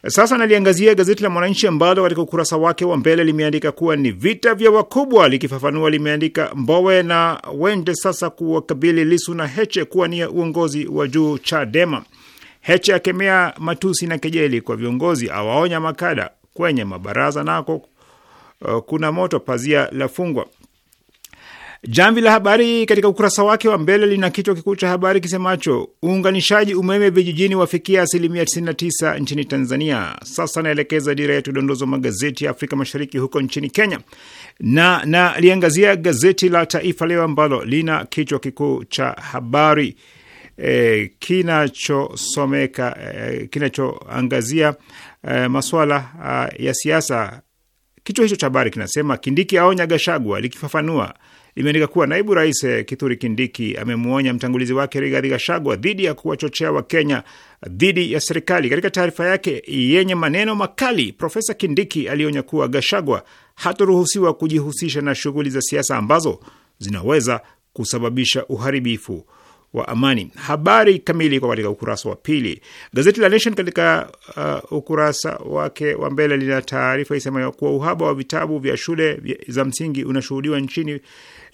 Sasa naliangazia gazeti la Mwananchi ambalo katika ukurasa wake wa mbele limeandika kuwa ni vita vya wakubwa. Likifafanua limeandika Mbowe na Wende sasa kuwakabili Lisu na Heche kuwa ni uongozi wa juu Chadema. Heche akemea matusi na kejeli kwa viongozi, awaonya makada kwenye mabaraza nako uh, kuna moto, pazia la fungwa. Jamvi la Habari katika ukurasa wake wa mbele lina kichwa kikuu cha habari kisemacho uunganishaji umeme vijijini wafikia asilimia 99 nchini Tanzania. Sasa naelekeza dira yetu dondozo magazeti ya Afrika Mashariki huko nchini Kenya, na naliangazia gazeti la Taifa Leo ambalo lina kichwa kikuu cha habari e, kinachosomeka e, kinachoangazia e, maswala a, ya siasa. Kichwa hicho cha habari kinasema Kindiki aonya Gashagwa, likifafanua limeandika kuwa naibu rais eh, Kithuri Kindiki amemwonya mtangulizi wake Rigathi Gachagua dhidi ya kuwachochea Wakenya dhidi ya serikali. Katika taarifa yake yenye maneno makali, Profesa Kindiki alionya kuwa Gachagua hataruhusiwa kujihusisha na shughuli za siasa ambazo zinaweza kusababisha uharibifu wa amani. Habari kamili iko katika ukurasa wa pili. Gazeti la Nation katika uh, ukurasa wake wa mbele lina taarifa isemayo kuwa uhaba wa vitabu vya shule za msingi unashuhudiwa nchini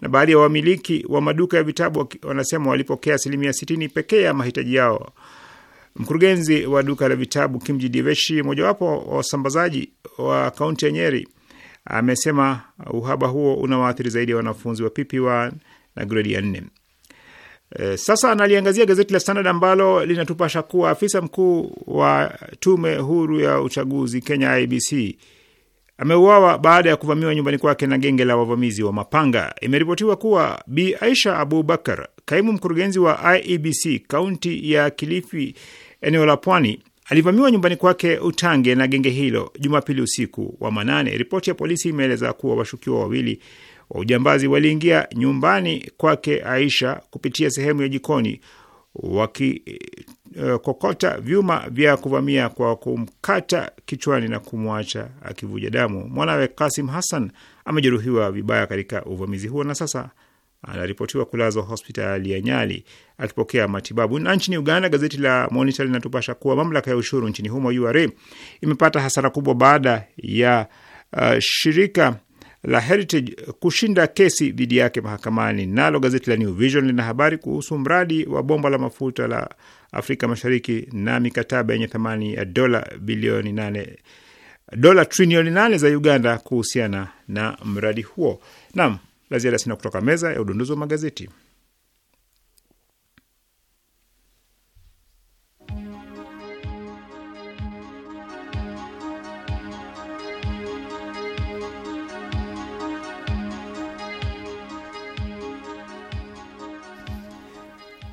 na baadhi ya wamiliki wa maduka ya vitabu wanasema walipokea asilimia sitini pekee ya mahitaji yao. Mkurugenzi wa duka la vitabu Kimji Diveshi, mojawapo wa wasambazaji wa kaunti ya Nyeri, amesema uhaba huo unawaathiri zaidi ya wanafunzi wa PP1 na gredi ya nne. E, sasa analiangazia gazeti la Standard ambalo linatupasha kuwa afisa mkuu wa tume huru ya uchaguzi Kenya IBC ameuawa baada ya kuvamiwa nyumbani kwake na genge la wavamizi wa mapanga. Imeripotiwa kuwa Bi Aisha Abubakar, kaimu mkurugenzi wa IEBC kaunti ya Kilifi, eneo la Pwani, alivamiwa nyumbani kwake Utange na genge hilo Jumapili usiku wa manane. Ripoti ya polisi imeeleza kuwa washukiwa wawili wa ujambazi waliingia nyumbani kwake Aisha kupitia sehemu ya jikoni waki Eh, kokota vyuma vya kuvamia kwa kumkata kichwani na kumwacha akivuja damu. Mwanawe Kasim Hassan amejeruhiwa vibaya katika uvamizi huo na sasa anaripotiwa kulazwa hospitali ya Nyali akipokea matibabu. Na nchini Uganda, gazeti la Monitor linatupasha kuwa mamlaka ya ushuru nchini humo URA imepata hasara kubwa baada ya uh, shirika la Heritage kushinda kesi dhidi yake mahakamani. Nalo gazeti la New Vision lina habari kuhusu mradi wa bomba la mafuta la Afrika Mashariki na mikataba yenye thamani ya dola bilioni nane dola trilioni nane za Uganda kuhusiana na mradi huo. Naam, la ziada sina kutoka meza ya udondozi wa magazeti.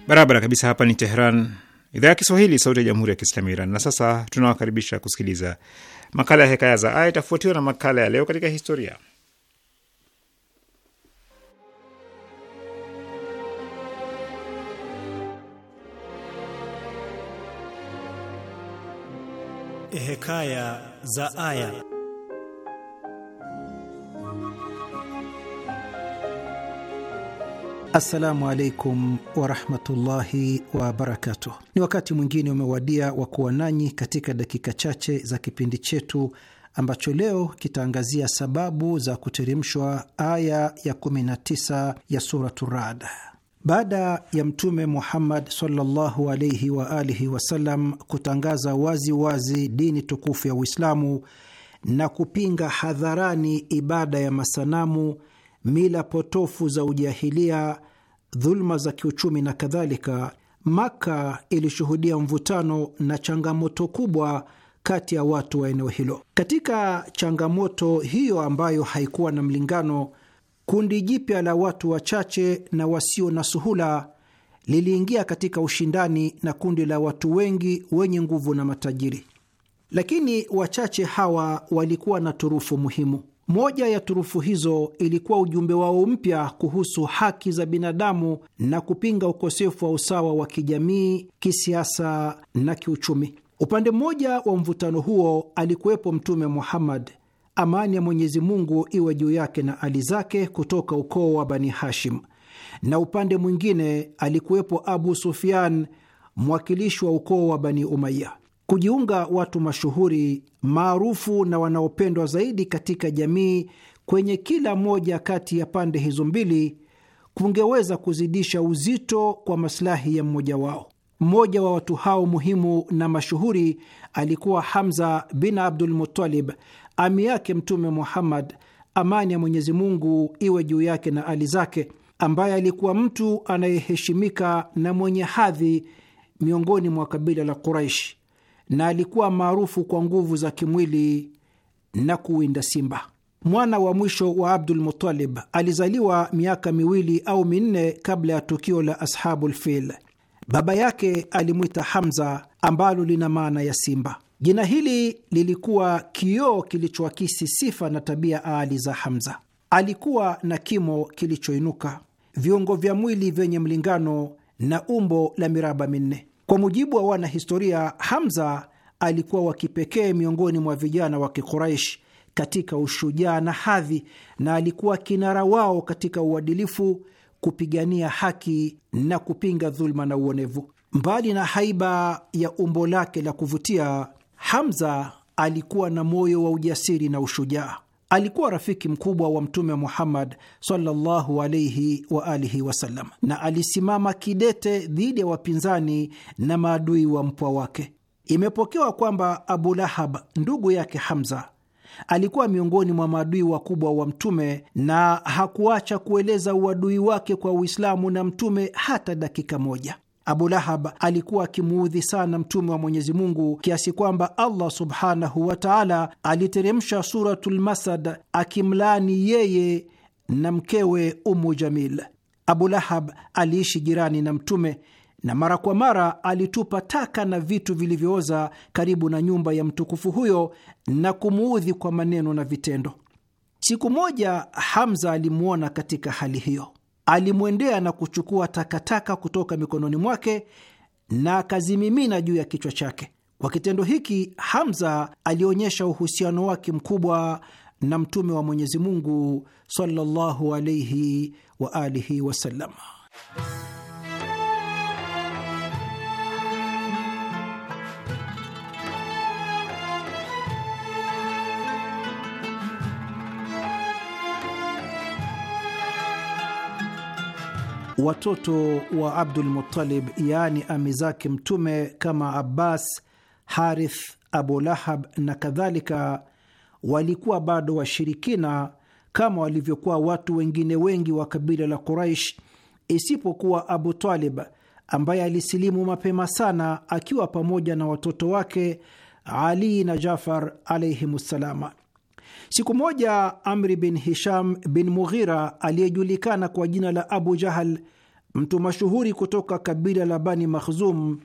Barabara kabisa, hapa ni Tehran, idhaa ya Kiswahili, sauti ya jamhuri ya kiislamu Iran. Na sasa tunawakaribisha kusikiliza makala ya hekaya za aya, itafuatiwa na makala ya leo katika historia. Hekaya za aya. Assalamu alaikum warahmatullahi wabarakatuh. Ni wakati mwingine umewadia wa kuwa nanyi katika dakika chache za kipindi chetu ambacho leo kitaangazia sababu za kuteremshwa aya ya 19 ya Suratu Rad. Baada ya Mtume Muhammad sallallahu alaihi wa alihi wasallam kutangaza wazi wazi dini tukufu ya Uislamu na kupinga hadharani ibada ya masanamu mila potofu za ujahilia, dhuluma za kiuchumi na kadhalika, Maka ilishuhudia mvutano na changamoto kubwa kati ya watu wa eneo hilo. Katika changamoto hiyo ambayo haikuwa na mlingano, kundi jipya la watu wachache na wasio na suhula liliingia katika ushindani na kundi la watu wengi wenye nguvu na matajiri, lakini wachache hawa walikuwa na turufu muhimu. Moja ya turufu hizo ilikuwa ujumbe wao mpya kuhusu haki za binadamu na kupinga ukosefu wa usawa wa kijamii, kisiasa na kiuchumi. Upande mmoja wa mvutano huo alikuwepo Mtume Muhammad, amani ya Mwenyezi Mungu iwe juu yake na ali zake, kutoka ukoo wa Bani Hashim, na upande mwingine alikuwepo Abu Sufyan, mwakilishi wa ukoo wa Bani Umaya kujiunga watu mashuhuri maarufu na wanaopendwa zaidi katika jamii kwenye kila moja kati ya pande hizo mbili kungeweza kuzidisha uzito kwa masilahi ya mmoja wao. Mmoja wa watu hao muhimu na mashuhuri alikuwa Hamza bin Abdul Muttalib, ami yake Mtume Muhammad, amani ya Mwenyezi Mungu iwe juu yake na ali zake, ambaye alikuwa mtu anayeheshimika na mwenye hadhi miongoni mwa kabila la Quraishi na alikuwa maarufu kwa nguvu za kimwili na kuwinda simba. Mwana wa mwisho wa Abdul Muttalib alizaliwa miaka miwili au minne kabla ya tukio la Ashabul Fil. Baba yake alimwita Hamza, ambalo lina maana ya simba. Jina hili lilikuwa kioo kilichoakisi sifa na tabia aali za Hamza. Alikuwa na kimo kilichoinuka, viungo vya mwili vyenye mlingano na umbo la miraba minne. Kwa mujibu wa wanahistoria, Hamza alikuwa wa kipekee miongoni mwa vijana wa Kikuraish katika ushujaa na hadhi, na alikuwa kinara wao katika uadilifu, kupigania haki na kupinga dhuluma na uonevu. Mbali na haiba ya umbo lake la kuvutia, Hamza alikuwa na moyo wa ujasiri na ushujaa alikuwa rafiki mkubwa wa Mtume Muhammad sallallahu alaihi wa alihi wasallam, na alisimama kidete dhidi ya wapinzani na maadui wa mpwa wake. Imepokewa kwamba Abu Lahab ndugu yake Hamza alikuwa miongoni mwa maadui wakubwa wa Mtume na hakuacha kueleza uadui wake kwa Uislamu na Mtume hata dakika moja. Abu Lahab alikuwa akimuudhi sana Mtume wa Mwenyezi Mungu kiasi kwamba Allah subhanahu wa taala aliteremsha Suratul Masad akimlaani yeye na mkewe Umu Jamil. Abu Lahab aliishi jirani na Mtume na mara kwa mara alitupa taka na vitu vilivyooza karibu na nyumba ya mtukufu huyo na kumuudhi kwa maneno na vitendo. Siku moja Hamza alimwona katika hali hiyo alimwendea na kuchukua takataka kutoka mikononi mwake na akazimimina juu ya kichwa chake. Kwa kitendo hiki, Hamza alionyesha uhusiano wake mkubwa na Mtume wa Mwenyezi Mungu sallallahu alaihi wa alihi wasallam. watoto wa Abdul Muttalib, yaani ami zake Mtume kama Abbas, Harith, Abu Lahab na kadhalika, walikuwa bado washirikina kama walivyokuwa watu wengine wengi wa kabila la Quraish, isipokuwa Abu Talib ambaye alisilimu mapema sana akiwa pamoja na watoto wake Ali na Jafar ssalama. Siku moja Amri bin Hisham bin Mughira aliyejulikana kwa jina la Abu Jahal, mtu mashuhuri kutoka kabila la Bani Makhzum,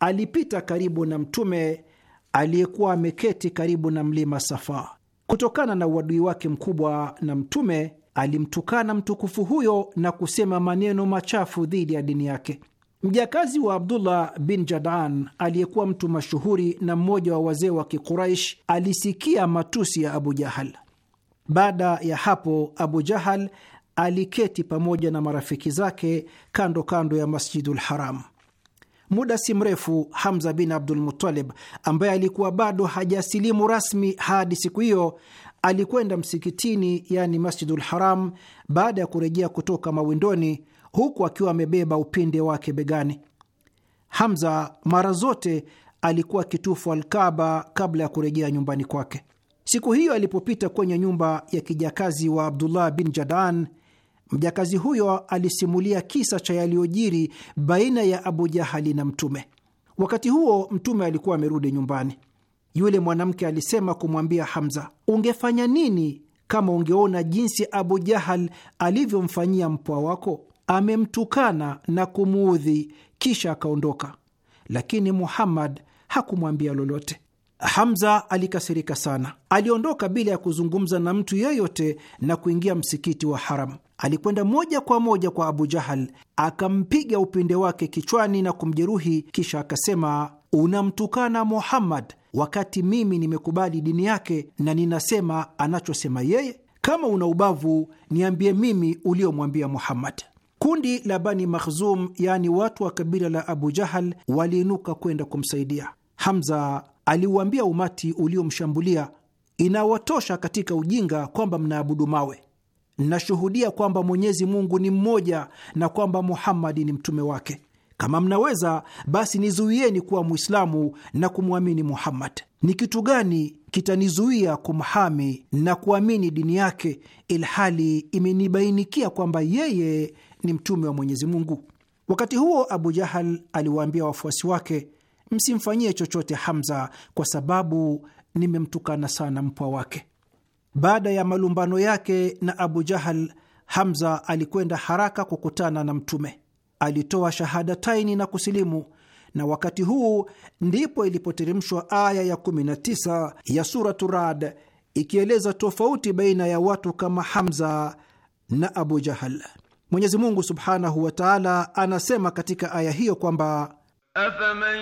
alipita karibu na Mtume aliyekuwa ameketi karibu na mlima Safa. Kutokana na uadui wake mkubwa na Mtume, alimtukana mtukufu huyo na kusema maneno machafu dhidi ya dini yake. Mjakazi wa Abdullah bin Jadan aliyekuwa mtu mashuhuri na mmoja wa wazee wa Kiquraish alisikia matusi ya Abu Jahal. Baada ya hapo, Abu Jahal aliketi pamoja na marafiki zake kando kando ya Masjidul Haram. Muda si mrefu, Hamza bin Abdul Muttalib ambaye alikuwa bado hajasilimu rasmi hadi siku hiyo alikwenda msikitini, yani Masjidul Haram, baada ya kurejea kutoka mawindoni huku akiwa amebeba upinde wake begani. Hamza mara zote alikuwa akitufu Alkaba kabla ya kurejea nyumbani kwake. Siku hiyo alipopita kwenye nyumba ya kijakazi wa Abdullah bin Jadan, mjakazi huyo alisimulia kisa cha yaliyojiri baina ya Abu Jahali na Mtume. Wakati huo Mtume alikuwa amerudi nyumbani. Yule mwanamke alisema kumwambia Hamza, ungefanya nini kama ungeona jinsi Abu Jahal alivyomfanyia mpwa wako? amemtukana na kumuudhi, kisha akaondoka, lakini Muhammad hakumwambia lolote. Hamza alikasirika sana. Aliondoka bila ya kuzungumza na mtu yeyote na kuingia msikiti wa Haram. Alikwenda moja kwa moja kwa Abu Jahal, akampiga upinde wake kichwani na kumjeruhi, kisha akasema, unamtukana Muhammad wakati mimi nimekubali dini yake na ninasema anachosema yeye. Kama una ubavu niambie mimi uliomwambia Muhammad. Kundi la Bani Makhzum, yaani watu wa kabila la Abu Jahal, waliinuka kwenda kumsaidia Hamza. Aliuambia umati uliomshambulia, inawatosha katika ujinga kwamba mnaabudu mawe. Nashuhudia kwamba Mwenyezi Mungu ni mmoja na kwamba Muhammadi ni mtume wake. Kama mnaweza basi nizuieni kuwa Mwislamu na kumwamini Muhammad. Ni kitu gani kitanizuia kumhami na kuamini dini yake, ilhali imenibainikia kwamba yeye ni mtume wa Mwenyezi Mungu. Wakati huo Abu Jahal aliwaambia wafuasi wake, msimfanyie chochote Hamza kwa sababu nimemtukana sana mpwa wake. Baada ya malumbano yake na Abu Jahal, Hamza alikwenda haraka kukutana na Mtume. Alitoa shahada taini na kusilimu, na wakati huu ndipo ilipoteremshwa aya ya 19 ya Suratu Rad ikieleza tofauti baina ya watu kama Hamza na Abu Jahal. Mwenyezi Mungu subhanahu wa taala anasema katika aya hiyo kwamba afaman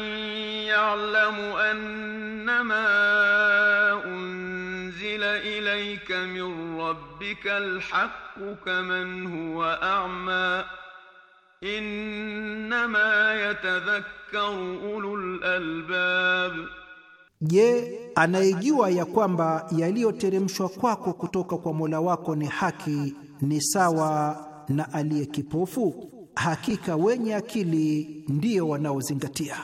yalamu annama unzila ilayka min rabbika alhaqqu kaman huwa a'ma innama yatadhakkaru ulul albab, Je, anayejua ya kwamba yaliyoteremshwa kwako kutoka kwa Mola wako ni haki ni sawa na aliye kipofu, hakika wenye akili ndio wanaozingatia.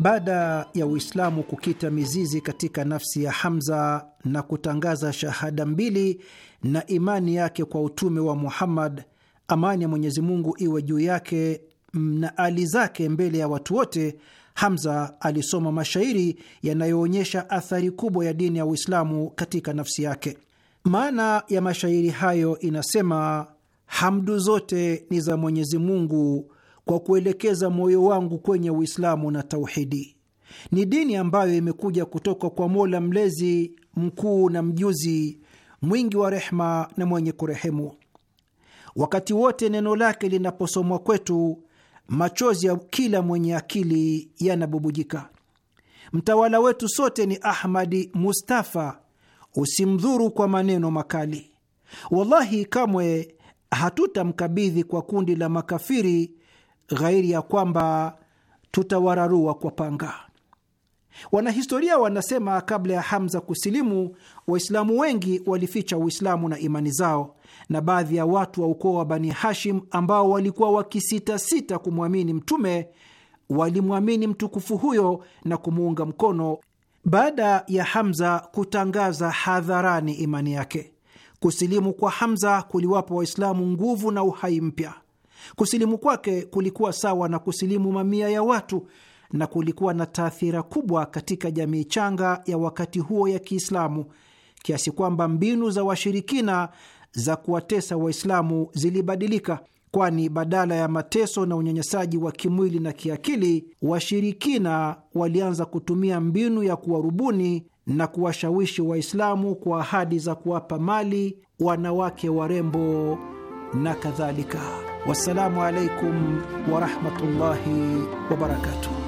Baada ya Uislamu kukita mizizi katika nafsi ya Hamza na kutangaza shahada mbili na imani yake kwa utume wa Muhammad amani ya Mwenyezi Mungu iwe juu yake na ali zake mbele ya watu wote, Hamza alisoma mashairi yanayoonyesha athari kubwa ya dini ya Uislamu katika nafsi yake. Maana ya mashairi hayo inasema: hamdu zote ni za Mwenyezi Mungu kwa kuelekeza moyo wangu kwenye Uislamu na tauhidi. Ni dini ambayo imekuja kutoka kwa Mola mlezi mkuu na mjuzi, mwingi wa rehma na mwenye kurehemu. Wakati wote neno lake linaposomwa kwetu, machozi ya kila mwenye akili yanabubujika. Mtawala wetu sote ni Ahmadi Mustafa, usimdhuru kwa maneno makali. Wallahi, kamwe hatutamkabidhi kwa kundi la makafiri, ghairi ya kwamba tutawararua kwa panga. Wanahistoria wanasema kabla ya Hamza kusilimu, Waislamu wengi walificha Uislamu na imani zao na baadhi ya watu wa ukoo wa Bani Hashim ambao walikuwa wakisitasita kumwamini Mtume walimwamini mtukufu huyo na kumuunga mkono baada ya Hamza kutangaza hadharani imani yake. Kusilimu kwa Hamza kuliwapa Waislamu nguvu na uhai mpya. Kusilimu kwake kulikuwa sawa na kusilimu mamia ya watu na kulikuwa na taathira kubwa katika jamii changa ya wakati huo ya Kiislamu, kiasi kwamba mbinu za washirikina za kuwatesa Waislamu zilibadilika, kwani badala ya mateso na unyanyasaji wa kimwili na kiakili, washirikina walianza kutumia mbinu ya kuwarubuni na kuwashawishi Waislamu kwa ahadi za kuwapa mali, wanawake warembo na kadhalika. Wassalamu alaikum warahmatullahi wabarakatuh.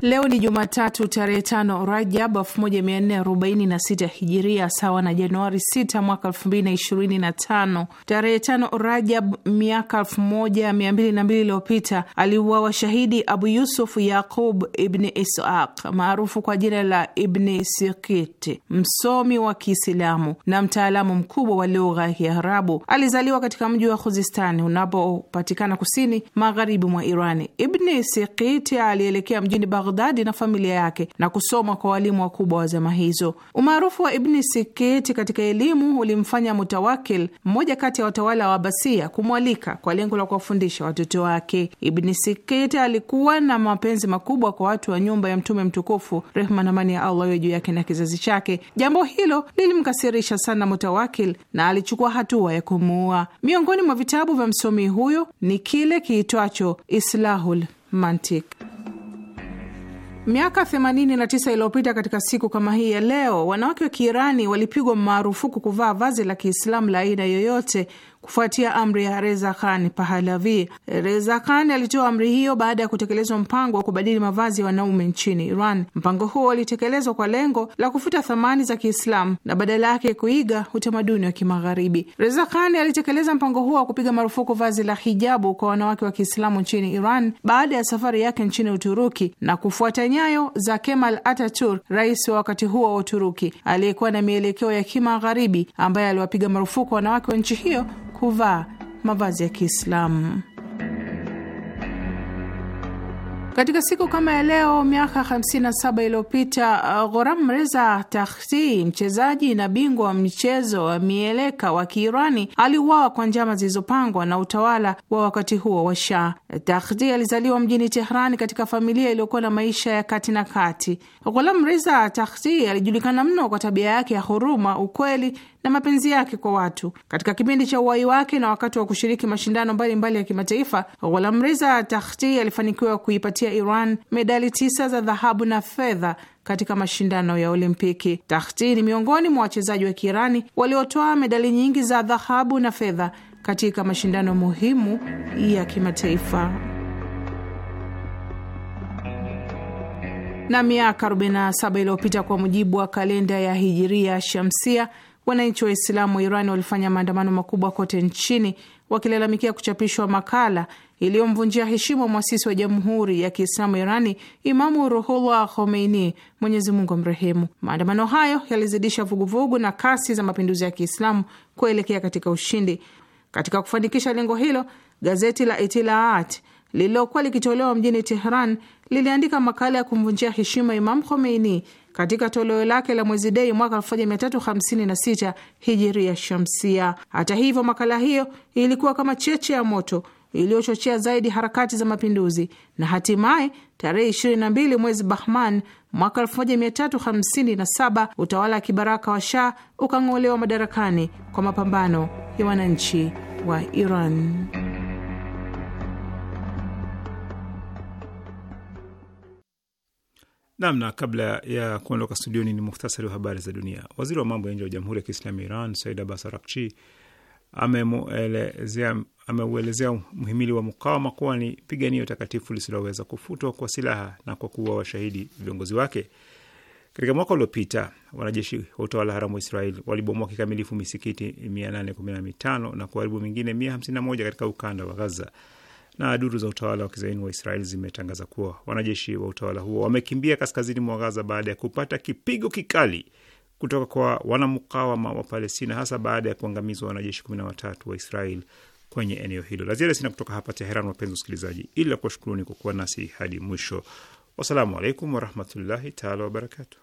Leo ni Jumatatu tarehe tano Rajab 1446 Hijiria, sawa na Januari 6 mwaka 2025. Tarehe tano Rajab miaka 1202 iliyopita aliuawa shahidi Abu Yusuf Yaqub Ibni Isaq maarufu kwa jina la Ibni Sikiti, msomi wa Kiislamu na mtaalamu mkubwa wa lugha ya Kiarabu. Alizaliwa katika mji wa Khuzistani unapopatikana kusini magharibi mwa Irani. Ibni Sikiti alielekea mjini Baghdadi na familia yake na kusoma kwa walimu wakubwa wa zama hizo. Umaarufu wa Ibni Sikiti katika elimu ulimfanya Mutawakil, mmoja kati ya watawala wa Abasia, kumwalika kwa lengo la kuwafundisha watoto wake. Ibni Sikiti alikuwa na mapenzi makubwa kwa watu wa nyumba ya Mtume mtukufu, rehma na amani ya Allah iwe juu yake na kizazi chake. Jambo hilo lilimkasirisha sana Mutawakil na alichukua hatua ya kumuua. Miongoni mwa vitabu vya msomi huyo ni kile kiitwacho Islahul Mantik. Miaka 89 iliyopita katika siku kama hii ya leo, wanawake wa Kiirani walipigwa marufuku kuvaa vazi la Kiislamu la aina yoyote kufuatia amri ya Reza Khan Pahalavi. Reza Khan alitoa amri hiyo baada ya kutekelezwa mpango wa kubadili mavazi ya wanaume nchini Iran. Mpango huo ulitekelezwa kwa lengo la kufuta thamani za Kiislamu na badala yake kuiga utamaduni wa Kimagharibi. Reza Khan alitekeleza mpango huo wa kupiga marufuku vazi la hijabu kwa wanawake wa Kiislamu nchini Iran baada ya safari yake nchini Uturuki na kufuata nyayo za Kemal Ataturk, rais wa wakati huo wa Uturuki aliyekuwa na mielekeo ya Kimagharibi, ambaye aliwapiga marufuku wanawake wa nchi hiyo kuvaa mavazi ya Kiislamu. Katika siku kama ya leo miaka 57 iliyopita uh, Ghoram Reza Tahti, mchezaji na bingwa wa mchezo wa mieleka wa Kiirani, aliuawa kwa njama zilizopangwa na utawala wa wakati huo wa Shah. Takhti alizaliwa mjini Tehrani katika familia iliyokuwa na maisha ya kati na kati. Ghoram Reza Tahti alijulikana mno kwa tabia yake ya huruma, ukweli na mapenzi yake kwa watu. Katika kipindi cha uwai wake na wakati wa kushiriki mashindano mbalimbali mbali ya kimataifa, Reza Takhti alifanikiwa kuipatia Iran medali tisa za dhahabu na fedha katika mashindano ya Olimpiki. Takhti ni miongoni mwa wachezaji wa Kiirani waliotoa medali nyingi za dhahabu na fedha katika mashindano muhimu ya kimataifa. Na miaka 47 iliyopita kwa mujibu wa kalenda ya Hijiria Shamsia Wananchi Islamu wa Iran walifanya maandamano makubwa kote nchini wakilalamikia kuchapishwa makala iliyomvunjia heshima mwasisi wa Jamhuri ya Kiislamu Irani, Imamu Ruhullah Khomeini, Mwenyezi Mungu amrehemu. Maandamano hayo yalizidisha vuguvugu na kasi za mapinduzi ya Kiislamu kuelekea katika ushindi. Katika kufanikisha lengo hilo, gazeti la Itilaat lililokuwa likitolewa mjini Tehran liliandika makala ya kumvunjia heshima Imamu Khomeini katika toleo lake la mwezi Dei mwaka 1356 hijiria shamsia. Hata hivyo, makala hiyo ilikuwa kama cheche ya moto iliyochochea zaidi harakati za mapinduzi na hatimaye tarehe 22 mwezi Bahman mwaka 1357 utawala wa kibaraka wa Shah ukang'olewa madarakani kwa mapambano ya wananchi wa Iran. Namna kabla ya kuondoka studioni ni muhtasari wa habari za dunia. Waziri wa mambo ya nje wa Jamhuri ya Kiislamu ya Iran Said Abbas Arakchi ameuelezea mhimili wa mukawama kuwa ni piganio takatifu lisiloweza kufutwa kwa silaha na kwa kuwa washahidi viongozi wake. Katika mwaka uliopita wanajeshi wa utawala haramu wa Israel walibomoa kikamilifu misikiti 815 na kuharibu mingine 151 katika ukanda wa Gaza na duru za utawala wa kizaini wa Israeli zimetangaza kuwa wanajeshi wa utawala huo wamekimbia kaskazini mwa Gaza baada ya kupata kipigo kikali kutoka kwa wanamukawama wa Palestina, hasa baada ya kuangamizwa wanajeshi kumi na watatu wa Israeli kwenye eneo hilo. La ziada sina kutoka hapa Teheran, wapenzi wasikilizaji, ila kuwashukuruni kwa kuwa nasi hadi mwisho. Wassalamu alaikum warahmatullahi taala wabarakatu.